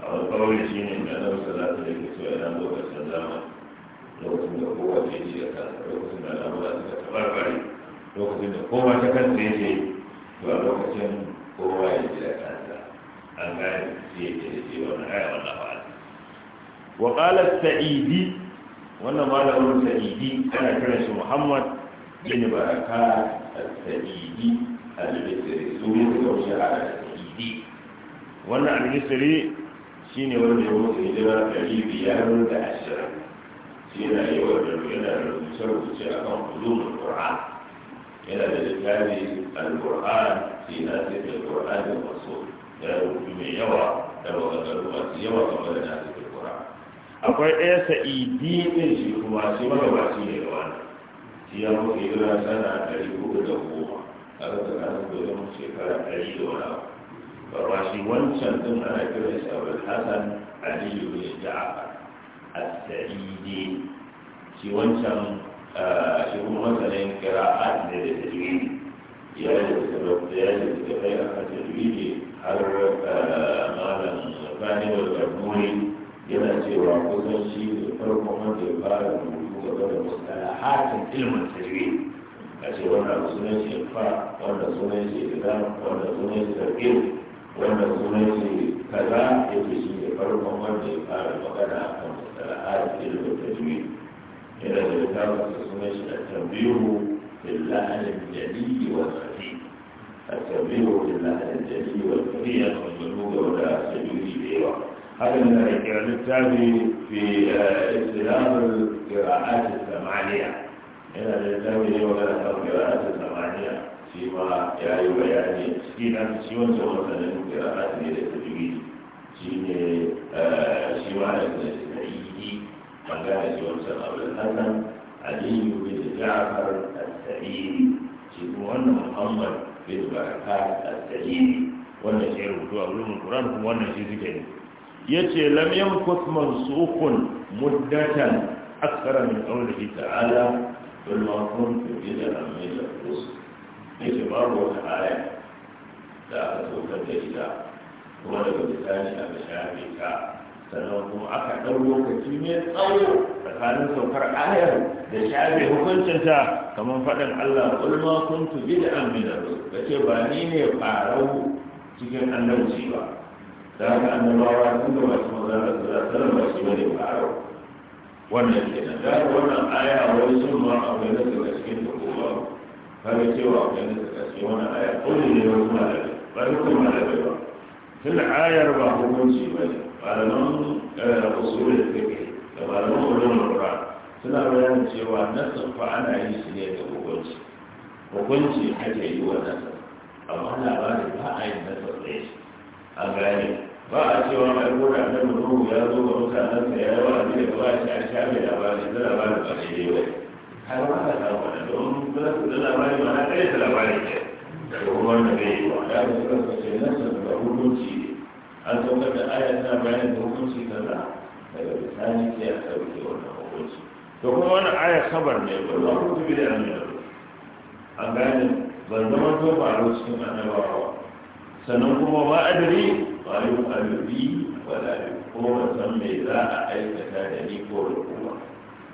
a wani kawai shi ne da nan salatu da ke so ya nan lokacin zama lokacin da kowa ke ji da lokacin da lamura suka tabarbare lokacin da kowa ta kansa yake to a lokacin kowa ya ji da kansa an gane shi yake da shi wani aya wannan ba'ala wa qala sa'idi wannan malamin sa'idi ana kiran shi muhammad bin baraka al-sa'idi al-bisri su ne da shi a sa'idi wannan al shi ne wanda ya mutu hijira ɗari biyar da ashirin shi na yi wa da yana da rubuce-rubuce a kan ulumul qur'an yana da littafi al-qur'an fi nasib al-qur'an al-masul ya rubutu mai yawa da maganganu masu yawa game da nasib al-qur'an akwai ɗaya sa'idi ɗin shi kuma shi magabaci ne da wannan shi ya mutu hijira sana ɗari hudu da goma a kan tsakanin domin shekara ɗari da wani abu ba shi wancan din ana kiran shi abul hasan ali ibn ja'far as-sa'idi shi wancan eh, shi kuma masanin kira ne da tajwid ya yi da sabab ya yi da kai a kan tajwid har eh, malam bani wal garmuri yana cewa kusan shi da farkon wanda ya fara rubutu game da mustalahatin ilmin tajwid a ce wannan sunan shi fa wannan sunan shi idan wannan sunan shi tarbiyya wanda kuma yake kaza yake shi ne farkon wanda ya fara magana a kan al'adar ilimin tajwid yana da littafin da sunan shi a tambihu باللحن الجلي والخفي التنبيه باللحن الجلي والخفي المجنوب ولا سجودي بيوا هذا من الكلام التالي في استلام آه، القراءات الثمانية هنا للتالي ولا القراءات الثمانية shi ma ya yi bayani a ciki na shi wancan wata ne da ta haɗe da shi ne eh, shi ma da ta yi an gane shi wancan abin hasan aliyu bin ja'far al-sa'idi shi kuma wannan muhammad bin baraka al-sa'idi wannan shi rubutu a wurin qur'an kuma wannan shi suke ne yace lam yamkut mansukun muddatan akthara min qawlihi ta'ala wal maqum fi jidal min al-rusul yake babu wata aya da aka saukar da ita kuma daga misali aka shafe ta sannan kuma aka ɗau lokaci mai tsawo tsakanin saukar ayar da shafe hukuncinta kamar faɗin Allah ulma kuntu bid'an min ar-rusul kace ba ni ne farau cikin annabci ba da haka annabawa sun da wasu maza da sallar ba shi bane farau wannan kenan da wannan aya wai sun ma akwai na daga cikin kaga cewa wanda suka ce wani aya ko ne ne wasu malamai ba dukkan malamai ba tun da ayar ba hukunci ba ne malaman eh, usuri da take da nan ulumul qur'an suna bayan cewa nasan fa ana yi shi ne da hukunci hukunci ake yi wa nasan amma labarin ba a yi nasan ɗaya shi a gane ba a cewa mai gura na mutum ya zo ga mutanensa ya yawa a da ba a ci an shafe labarin da labarin ba daidai ba har ma da kawo da don za su da labari ma na kai da labari ne da kuma wannan bai yi ba da su kan ce nan sun da hukunci ne? an saukar da aya tana bayan da hukunci kaza daga bisani sai a sauke wannan hukunci to kuma wannan aya sabar ne ba za ku bi da annabi an gane ban zama to ba a cikin annabawa sannan kuma ba adari ba yi ba yi ba da kuma ban san me za a aikata da ni ko da kuma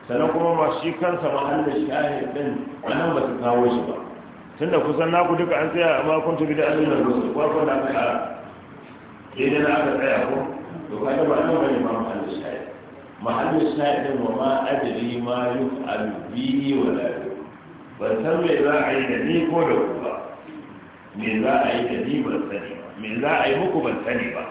sannan kuma ma shi kansa mahallin shahid din a nan ba su kawo shi ba tunda kusan naku duka an tsaya a makon tafi da allon da rusu kwakwan da aka kara daidai na aka tsaya ko to kaga ba nan ne ma mahallin shahid mahallin shahid din wa ma adri ma yuf'alu yi wa la ban san me za a yi da ni ko da ku ba me za a yi da ni ban sani ba me za a yi muku ban sani ba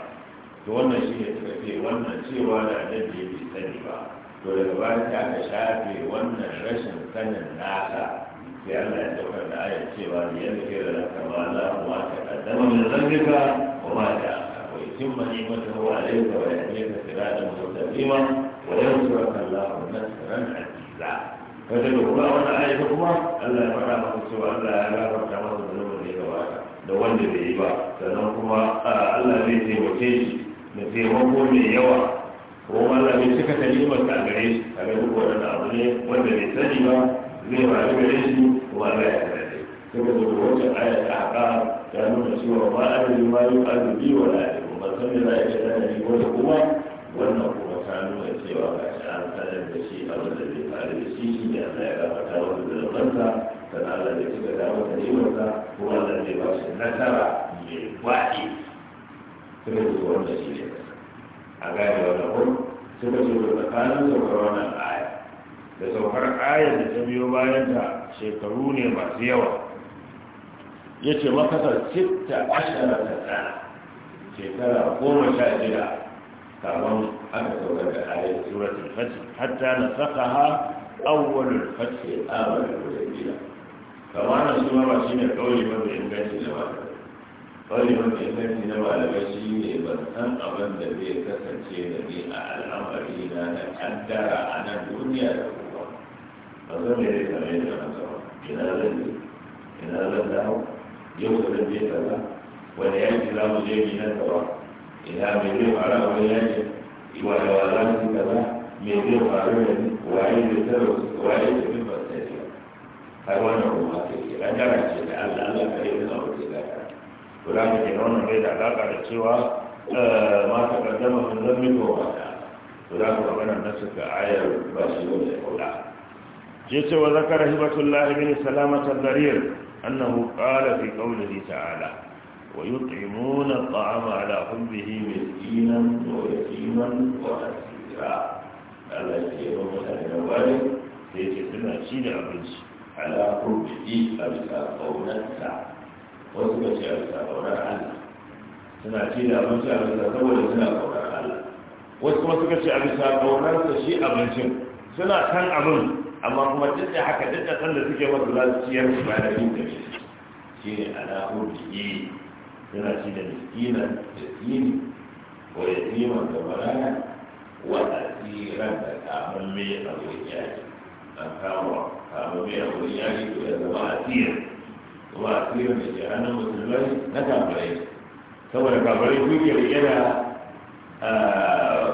to wannan shi ne suka ce wannan cewa da annabi bai sani ba to daga baya sai aka shafe wannan rashin sanin nasa sai Allah ya saukar da ayar cewa ne yadda ke da ranka ma za mu wata kaddama min zanjika wa ma ta wa yutimma ni'matahu alayka wa yahdika siratan mustaqima wa yansuraka Allahu nasran aziza kada da kuma wannan ayar kuma Allah ya faɗa maka cewa Allah ya gafarta masa zunubin da ya gabata da wanda bai yi ba sannan kuma Allah zai taimake shi da taimako mai yawa ko Allah bai cika kalimar ta gare shi a ga duk wannan abu ne wanda bai sani ba zai faru gare shi ko Allah ya sani saboda duk wancan ayat ta haka ta nuna cewa ba a da ma yi biyu wa la ko ba san da za a ce da shi wanda kuma wannan kuma ta nuna cewa ga shi an sanar da shi a wanda bai faru da shi shi ne Allah ya gafarta wa da zamanta sannan Allah bai cika da masa nimarsa ko Allah bai ba shi nasara mai gwaɗi. Sai da wannan shi ne a gane wannan ko suka ce da tsakanin saukar wannan aya da saukar aya da ta biyo bayan ta shekaru ne masu yawa ya ce makasar citta ashara ta tsara shekara goma sha shida kamar aka saukar da ayar suratul fatih hatta na saka ha awwalul fatih amalul hudaybiya kamar nan shi ma ba shine kauli ba mai inganci da ba wani mafi kanci na malamai shi ne ban san abin da zai kasance da ni a al'amari na na kaddara a nan duniya da kuma ba zan da ya same da na sama ina zan yi ina zan dawo yau da zan je kaza wani yaki za mu je mi nan gaba ina mai zai fara wani yaki iwa da wa za mu kaza me zai faru da ni waye zai taro waye zai bin ba sai har wannan ruwa ta ke kaddara ce da Allah Allah ka yi da aure to za mu kenan wannan bai da alaƙa da cewa ma ta kaddama sun zan miko wata to za mu maganar na suka ayar ba shi wanda ya kaula ya ce wa zakara hibatullahi bin salamatar dariyar annahu qala fi qawlihi ta'ala wa yut'imuna at'ama ala hubbihi miskinan wa yatiman wa asira Allah ya yi wa mutane da wani sai ce suna ci da abinci ala hubbihi a bisa kaunarsa wasu ka ce a bisa ƙaunar Allah suna ci da abinci a bisa saboda suna ƙaunar Allah wasu kuma suka ce a bisa ƙaunar sa shi abincin suna kan abin amma kuma duk da haka duk da san da suke masu za su ciyar su bayan yin da shi shi ne ala hurji suna ci da miskinan da tsini wa yatiman da barana wa asiran da kamar mai abin yaji an kama kamar mai abin yaji ko ya zama asirin kuma asirin da ke hannun musulmai na kafirai saboda kafirai su ke rike da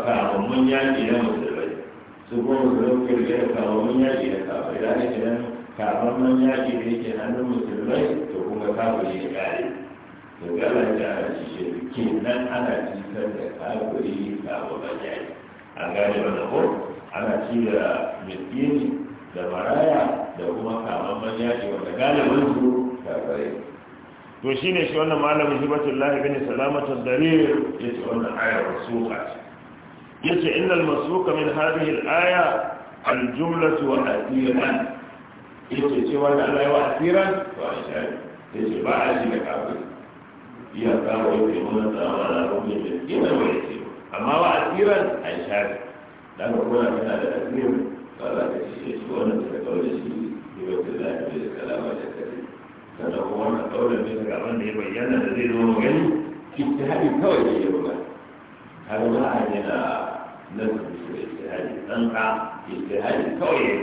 kamammun yaƙi na musulmai su kuma musulmai ke rike da kamammun yaƙi na kafirai da ne idan kamammun yaƙi da yake hannun musulmai to kuma kafirai ya kare to gala da shirkin nan ana cikar da kafirai kamammun yaƙi a gane ba wanda ko ana ci da miskini da maraya da kuma kamammun yaƙi wanda galibin su to shi ne shi wannan malamin hibatullahi bin salamatu darir ya ce wannan ayar masuka ce ya ce innal masuka min hadhihi al-aya al-jumlatu wa asiran ya ce ce wannan Allah ya wa asiran wa ashari ya ce ba a shi da kafin iya kawo ya ce wannan tsawon na rubin da ina ba ya ce amma wa asiran a shari da aka kuna tana da asirin ba za ka ce shi wannan ta kawo da shi hibatullahi bin salamatu sannan kuma wannan ƙaunar bisa ga abin da ya bayyana da zai zama gani ijtihadi kawai da yau ba har ma a yana nazarin su ijtihadi tsanka ijtihadi kawai ya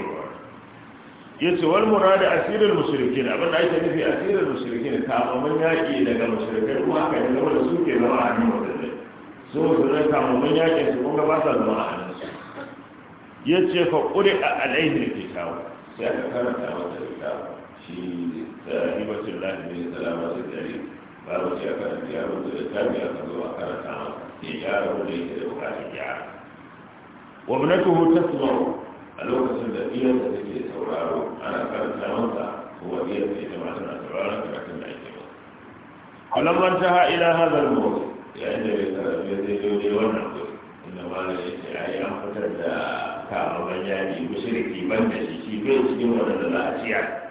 yi ya ce wal murada asirin mushrikin abin da ake nufi asirin mushrikin kamaman yaƙi daga mushrikai kuma aka yi zama da su ke zama a hannun wadanda su musulmai kamaman yaƙin su kuma ba sa zama a hannun su ya ce fa ƙuri a alaihin kitabu sai aka karanta mata kitabu وابنته تسمع اللغه الذي يتكي سوراره أنا كانت لمنطع هو إيه في جمعتنا سورارا كانت لعيكما فلما انتهى إلى هذا الموت لأن يتربي يتربي ونعود إنما لأيك أيام فتد كان مجاني مشركي من تشيشي بيش جمعنا للأشياء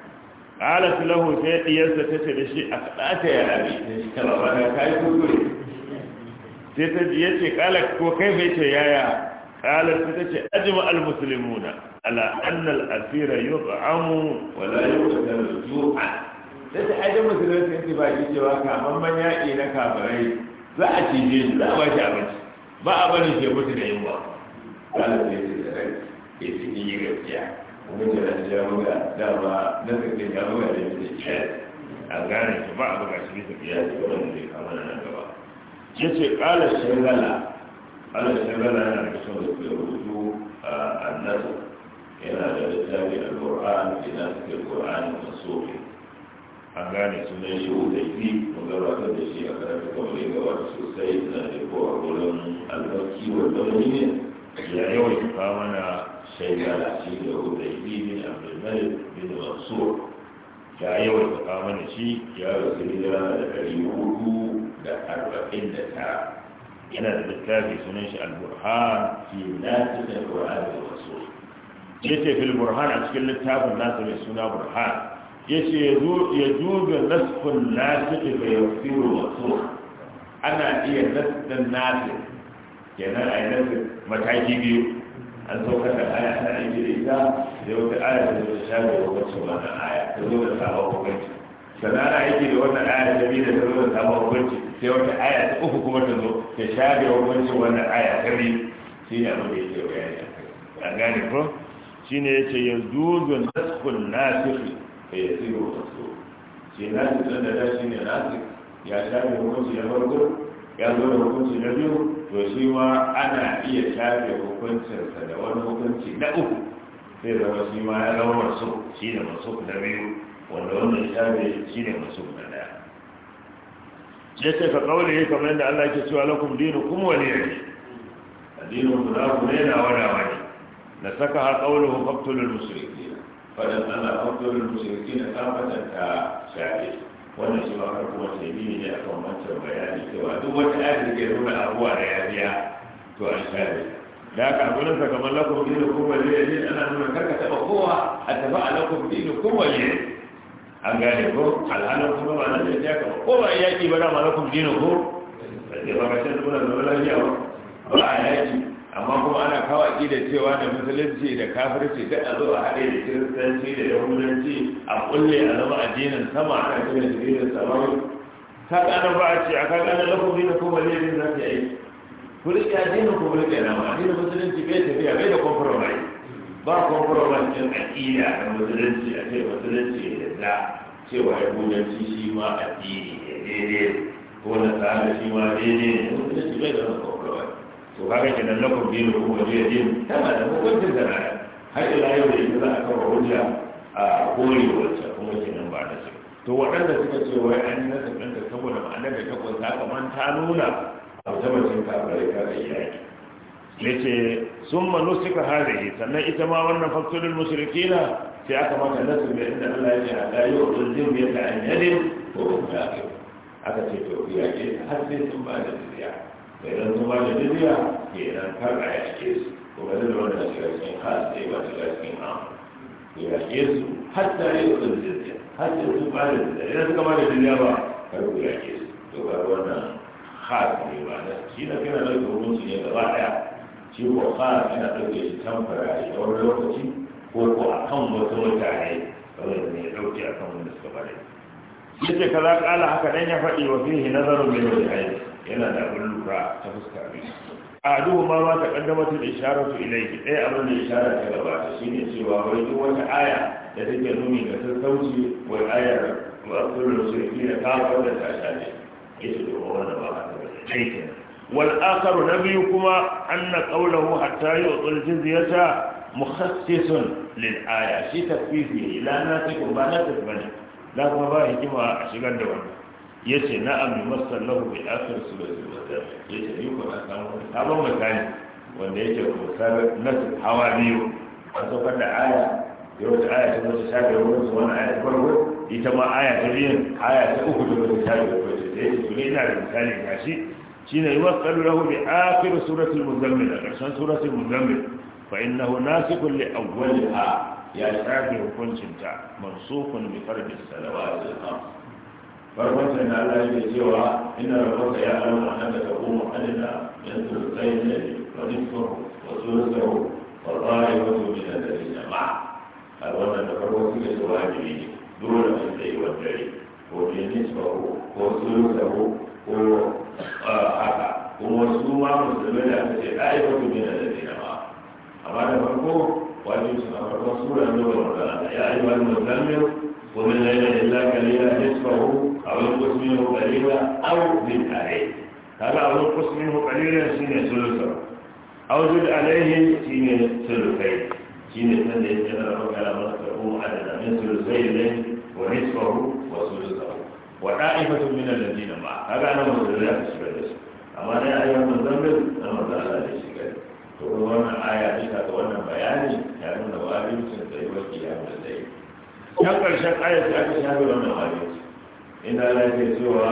qalat lahu sai diyarsa ta ce da shi a kada ta ya rabi sai ta baba ta kai kuskure sai ta ji yace qala ko kai bai ce yaya qalat ta ce ajma al muslimuna ala anna al asira yut'amu wa la yuqtalu ju'an sai ta ajma musulmai sai ba ji cewa kaman man yaki na kafirai za a cije shi za a ba abinci ba a barin shi mutu da yunwa qalat sai ta ce ya ci ni gaskiya wajen da jaruga dama na kake jaruga da yake ce a gane ki ba a buga shi ta biya ce wanda zai kama na gaba ya ce ƙalar shagala ƙalar shagala yana da kyau da ke rubutu a annabi yana da littafi a da idan suke ƙur'an masofi a gane sunan shi hudaifi mun gabatar da shi a karfi kawai gaba sosai na da kowa wurin albarki wanda wani ne ya yawaita mana shaida da shi da hudaibi bin abdulmalik bin mansur ya yawan faɗa mana shi ya rasu hijira da ɗari hudu da arba'in da tara yana da littafi sunan shi al-burhan fi nasi da qur'an da yace fil burhan a cikin littafin nasa mai suna yace yazo yajuzu nasfun fa yafiru rasul ana iya nasdan nasi kenan a yi mataki biyu an saukar da aya ta aiki da ita da wata aya da zai shafe wa wacce wannan aya ta zo da sabon hukunci sannan ana aiki da wannan aya ta biyu da ta zo da sabon hukunci sai wata aya ta uku kuma ta zo ta shafe wa hukuncin wannan aya ta biyu shi ne abin da yake bayani a gane ko shi ne ya ce ya zuzo naskun nasiru ka ya tsiro wasu shi nasiru da shi ne nasiru ya shafe hukunci na farko ya zo da hukunci na biyu to shi ma ana iya shafe hukuncinsa da wani hukunci na uku sai zama shi ma ya zama masu shi ne masu na biyu wanda wannan shafe shi ne masu na daya ya ce ka kawo ya kamar yadda Allah ke cewa lakum dinu kuma wani yake addinin ku za ku ne na wada wani na saka ha kawo faktulul musulmi fadan Allah faktulul musulmi na kafatan ta shafe wannan shi ma farko wata yabi ne a kan wancan bayani cewa duk wata ayar da ke nuna abuwa da ya biya to an share da haka abin sa kamar lakum dinu kuma liye ana nuna karka taba kowa a tafi a lakum dinu kuma liye an gane ko alhalin kuma ba na da ya kama ko ba yaki ba da ma lakum dinu ko da ba ka san dole da lafiya ba ba yaki amma kuma ana kawo aƙidar cewa da musulunci da kafirci duk a zo a haɗe da kiristanci da yahudanci a kulle a zama addinin sama kan cikin jirgin sama. Ta ƙanan ba a ce a ka gane lafafi na kuma laifin za ta yi ya rike addinin ku rike nama addinin musulunci bai tafiya bai da compromise ba compromise ɗin aƙida da musulunci a ce musulunci ya da cewa yahudanci shi ma addini ne daidai ko na tsara shi ma daidai ne musulunci bai da compromise to kaga kenan lakum dinukum wa liya din tana da hukuncin da na har ila yau da ita za a kafa hujja a kore wacce kuma nan ba da su to waɗanda suka ce wai an yi nasa ɗanta saboda ma'anar da ta kunsa kamar ta nuna a wata macin kafirai ka da iyaki ya ce sun manu suka harihi sannan ita ma wannan faktorin musulki na sai aka mata nasu da inda allah ya ce a ɗayi wa ɗulzin biyar da an yalin ko da aka ce to iyaki har sai sun ba da zuriya mai rantsuwa da jibiya ke nan kar a yake su kuma da wanda shiga cikin khas ba shiga cikin am ya yake su hatta yi wasu har hatta su ba da jibiya idan suka ba da jibiya ba kar ku yake su to ba wannan khas ne ba na shi da kana da hukunci ne gaba daya shi ko khas yana ɗauke shi tamfara a wani lokaci ko ko a kan wasu mutane kawai ne ya ɗauke a kan wanda suka ba da jibiya. Yace kaza ƙala haka dan ya faɗi wa fihi nazarun min wajhaini yana da abin lura ta fuska abin a duhu ma ba ta kaddamata da isharar su ilai ɗaya abin da isharar ta gabata shine cewa wai duk wata aya da take nuni ta sassauci wai ayar kullum su yi da kawo da ta shafe ita da wanda ba ta aikin wal akharu na biyu kuma anna qawluhu hatta yu'til jizyata mukhassis lil aya shi tafsiri la na ta ba na ta bane la kuma ba hikima a shigar da wannan ya ce na'am bi masallahu bi akhir suratul baqara ya ce yi kuma samu sabon misali wanda yake kursar nasu hawa biyu a saukar da aya ya wata aya ta wata shafi wurin su wani aya ta farko ita ma aya ta biyun aya ta uku da wata shafi wurin da yake su ne ina da misali ga shi shine yi wasu lahu bi akhir suratul muzammil a ƙarshen suratul muzammil fa innahu nasikun li awwaliha ya shafi hukuncinta mansukun bi fardis salawat al-khams farkon sai na Allah yake cewa inna rabbaka ya alamu annaka taqumu adada min thulthayn al-layli wa nisfahu wa thulthahu wa ta'ifatu min da layli jama'a a wannan da farko suke so wajibi ne dole a tsaye wa dare ko bi nisfahu ko thulthahu ko haka kuma su ma musulmai da aka ce ta'ifatu min al-layli jama'a amma da farko wajibi su na farkon sura ne wa ya ayyuhal muzammil ومن الليل إلا قليلا نصفه abin kusmin hukalila au bin alai kaga abin kusmin hukalila shi ne sulusa au bin alai shi ne sulusai shi ne san da ya ce na rafa kala masu karbo a da zamin sulusai ne wa nisfahu wa sulusa wa ɗa'ifatun min alladhi na ba kaga ana mu zuriya ta shiga da su amma dai a yi wannan zambin na manzo Allah da shi gari to wannan aya duka ga wannan bayani ya nuna wajibcin tsayuwar kiyama da tsayi. Yan ƙarshen aya sa ake shafe wannan wajibci. ina Allah cewa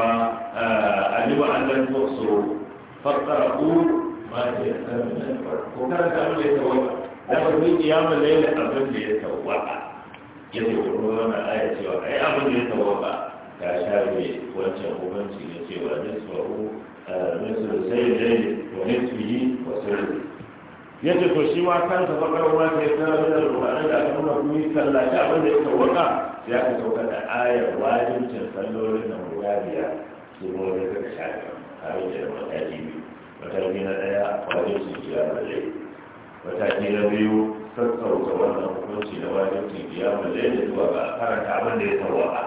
aliba an lan tusu fattaqu ma tayassara min al-qur'an ko karanta ya tawaka da ba ku kiyamul layl abin da ya tawaka yace ko wannan aya cewa ai abin da ya tawaka ta shafe wancan hukunci ne cewa nisfahu nisfu sayyidin wa nisfihi wasu sirri Yace to shi ma kansa ba karo ta sai tana da ruwanan da aka nuna kuma yi tallace abin da ya sauwaka ya ka sauka da ayar wajibcin sallolin nan guda biyar su ruwa da suka shafi har da mataki biyu mataki na ɗaya wajibcin kiyamar lai mataki na biyu sassauta wannan hukunci na wajibcin kiyamar lai da zuwa ga karanta abin da ya sauwaka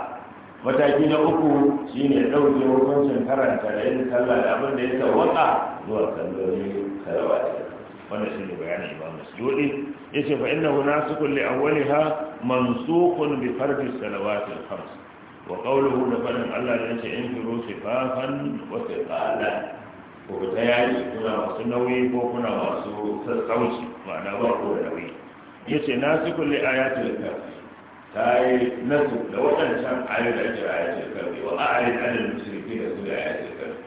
mataki na uku shi ne ɗauke hukuncin karanta da yin sallah da abin da ya sauwaka zuwa sallolin salawatiyar wanda shi ne bayanin imam suyudi ya ce fa inna huna su kulle a wani awwaliha mansukun bi farji salawati al-khams wa qawluhu da faɗin Allah da yace in firu sifafan wa sifalan ko ta yayi kuna masu nauyi ko kuna masu sassauci ma'ana ba ko da nauyi yace a li ayatil kafi yi nasu da wadancan ayoyi da ake a ayatil kafi wa a'rid 'anil mushrikeena su da ayatil kafi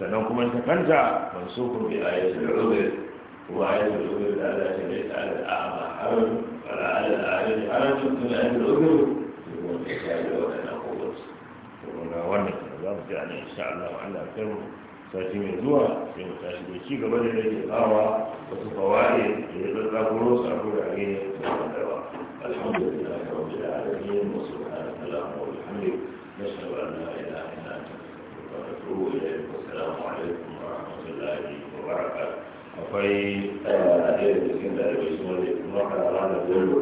sannan kuma ta kanta mansukun bi a ayatil udhr وعلى الأذر على ليس على الأعمى حرج ولا على الأعين حرج من أهل الأذر يقول إشهد وأنا قوت ومن وانا ذلك يعني إن شاء الله وعلى كم sati mai zuwa sai mu tashi da ci gaba da rage tsawa wasu fawaye da ya tsatsa kuro su a gurare da ba alhamdulillah ya rabu da alamin wasu da alamu wa alhamdu na shabar na ila ina ta wato ya yi wasu alaikum wa rahmatullahi wa barakatuh akwai a ɗaya da cikin da ake su wani kuma ka rana bello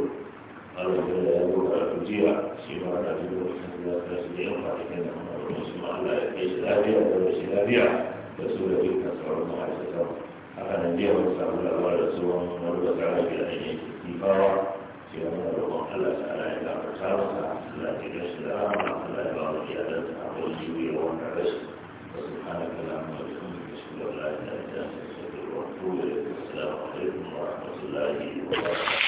ana zai da yawon karatu jiya shi ma ana jin lokacin da za su da yan kwanakin da kuma wani su ma Allah ya kai shi lafiya da wani shi lafiya da su da dukkan sauran ma'aikatan haka nan jiya wani samu labarin su wani wani da tsara gida ne ke kifawa shi wani da roƙon Allah ta ala ya gafarta masa Allah ya kai shi da rama Allah ya ba mu iyalansa a wani jiwiya wannan rashin wasu hana kalamu da kuma da shi da wani da ya رسول الله عليكم ورحمة الله وبركاته